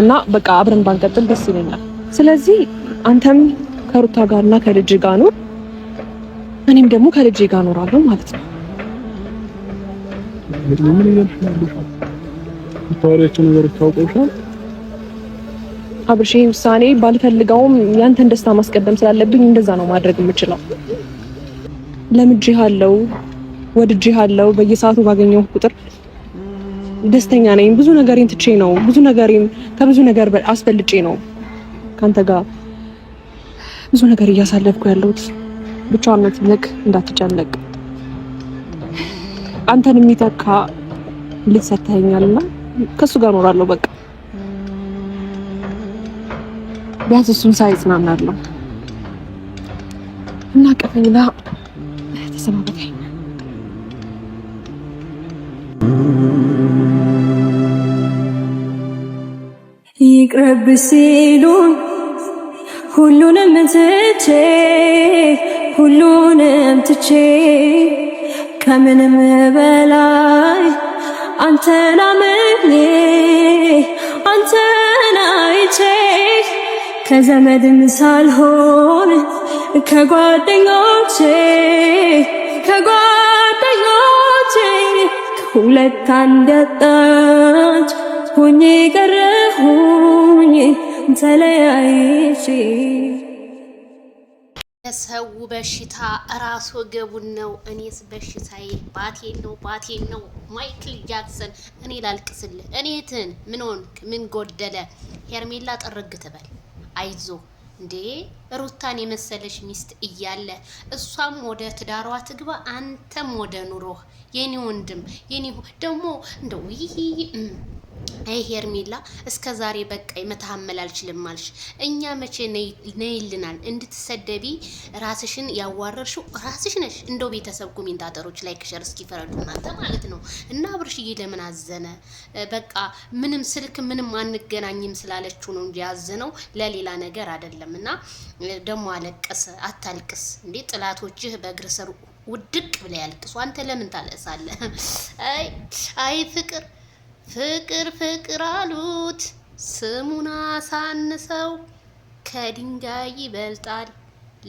እና በቃ አብረን ባንቀጥል ደስ ይለኛል። ስለዚህ አንተም ከሩታ ጋር እና ከልጅ ጋር ኑር፣ እኔም ደግሞ ከልጅ ጋር ኖራለሁ ማለት ነው። አብርሽ ይህ ውሳኔ ባልፈልገውም ያንተን ደስታ ማስቀደም ስላለብኝ እንደዛ ነው ማድረግ የምችለው። ለምጄሃለሁ፣ አለው በየሰዓቱ ባገኘው ቁጥር ደስተኛ ነኝ። ብዙ ነገሬን ትቼ ነው ብዙ ነገሬን ከብዙ ነገር አስፈልጬ ነው ካንተ ጋር ብዙ ነገር እያሳለፍኩ ያለሁት። ብቻዋን ልክ እንዳትጨነቅ አንተን የሚተካ ልጅ ሰጥተኸኛልና ከሱ ጋር እኖራለሁ። በቃ ቢያንስ እሱን ሳይ እጽናናለሁ እና ቀፈኝና ተሰማበታኝ ይቅረብ ሲሉ! ሁሉንም ትቼ ሁሉንም ትቼ ከምንም በላይ አንተን አምኜ አንተን አይቼ ከዘመድም ሳልሆን ከጓደኞቼ ከጓደኞቼ ሁለት አንድ አጣች ሆኜ ቀረሁ። ተለያይሽ የሰው በሽታ እራስ ወገቡን ነው። እኔስ በሽታዬ ባቴን ነው ባቴን ነው። ማይክል ጃክሰን እኔ ላልቅስልህ እኔትን ምን ሆንክ? ምን ጎደለ? ሄርሜላ ጥርግ ትበል አይዞ እንዴ ሩታን የመሰለሽ ሚስት እያለ እሷም ወደ ትዳሯ ትግባ፣ አንተም ወደ ኑሮህ የኔ ወንድም የኔ ደግሞ እንደው አይ ሄርሜላ እስከ ዛሬ በቃ መተሐመል አልችልም አልሽ። እኛ መቼ ነይልናል? እንድትሰደቢ ራስሽን ያዋረርሽው ራስሽ ነሽ። እንደው ቤተሰብ ኮሜንታተሮች ላይ ክሸር እስኪፈረዱ እናንተ ማለት ነው። እና አብርሽዬ ለምን አዘነ? በቃ ምንም ስልክ ምንም አንገናኝም ስላለችው ነው እንጂ ያዘነው ለሌላ ነገር አይደለም። እና ደግሞ አለቀሰ። አታልቅስ እንዴ! ጥላቶችህ በእግር ስር ውድቅ ብለ ያልቅሱ። አንተ ለምን ታለቅሳለህ? አይ አይ ፍቅር ፍቅር ፍቅር አሉት ስሙን አሳንሰው ከድንጋይ ይበልጣል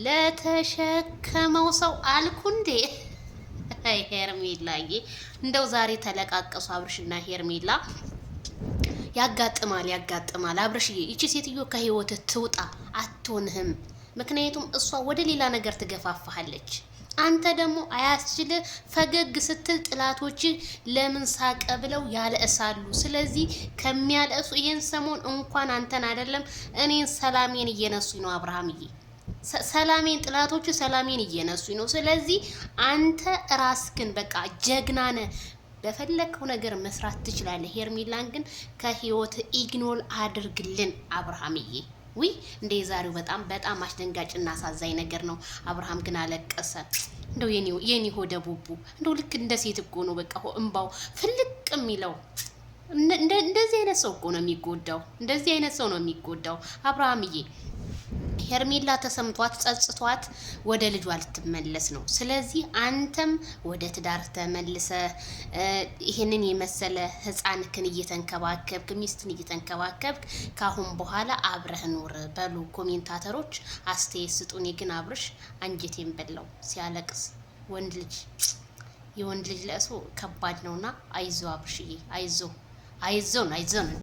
ለተሸከመው ሰው አልኩ እንዴ ሄርሜላዬ እንደው ዛሬ ተለቃቀሱ አብርሽና ሄርሜላ ያጋጥማል ያጋጥማል አብርሽዬ ይቺ ሴትዮ ከህይወት ትውጣ አትሆንህም ምክንያቱም እሷ ወደ ሌላ ነገር ትገፋፋሃለች አንተ ደግሞ አያስችል ፈገግ ስትል ጥላቶች ለምን ሳቀ ብለው ያለእሳሉ። ስለዚህ ከሚያለእሱ ይሄን ሰሞን እንኳን አንተን አይደለም እኔን ሰላሜን እየነሱኝ ነው አብርሃምዬ፣ ሰላሜን ጥላቶቹ ሰላሜን እየነሱኝ ነው። ስለዚህ አንተ ግን በቃ ጀግና ነህ፣ ነገር መስራት ትችላለህ። ሄርሚላን ግን ከህይወት ኢግኖል አድርግልን አብርሃምዬ። ውይ እንደ የዛሬው በጣም በጣም አስደንጋጭ እና አሳዛኝ ነገር ነው። አብርሃም ግን አለቀሰ። እንደው የኔ ሆደ ቡቡ እንደው ልክ እንደ ሴት እኮ ነው በቃ እምባው ፍልቅ የሚለው እንደዚህ አይነት ሰው እኮ ነው የሚጎዳው። እንደዚህ አይነት ሰው ነው የሚጎዳው አብርሃምዬ። ሄርሜላ ተሰምቷት ጸጽቷት ወደ ልጇ ልትመለስ ነው። ስለዚህ አንተም ወደ ትዳር ተመልሰ ይህንን የመሰለ ሕፃንክን እየተንከባከብክ ሚስትን እየተንከባከብክ ካሁን በኋላ አብረህ ኑር በሉ ኮሜንታተሮች አስተያየት ስጡኔ። ግን አብርሽ አንጀቴን በላው ሲያለቅስ ወንድ ልጅ የወንድ ልጅ ለእሱ ከባድ ነውና አይዞ አብርሽዬ፣ አይዞ አይዞን አይዞን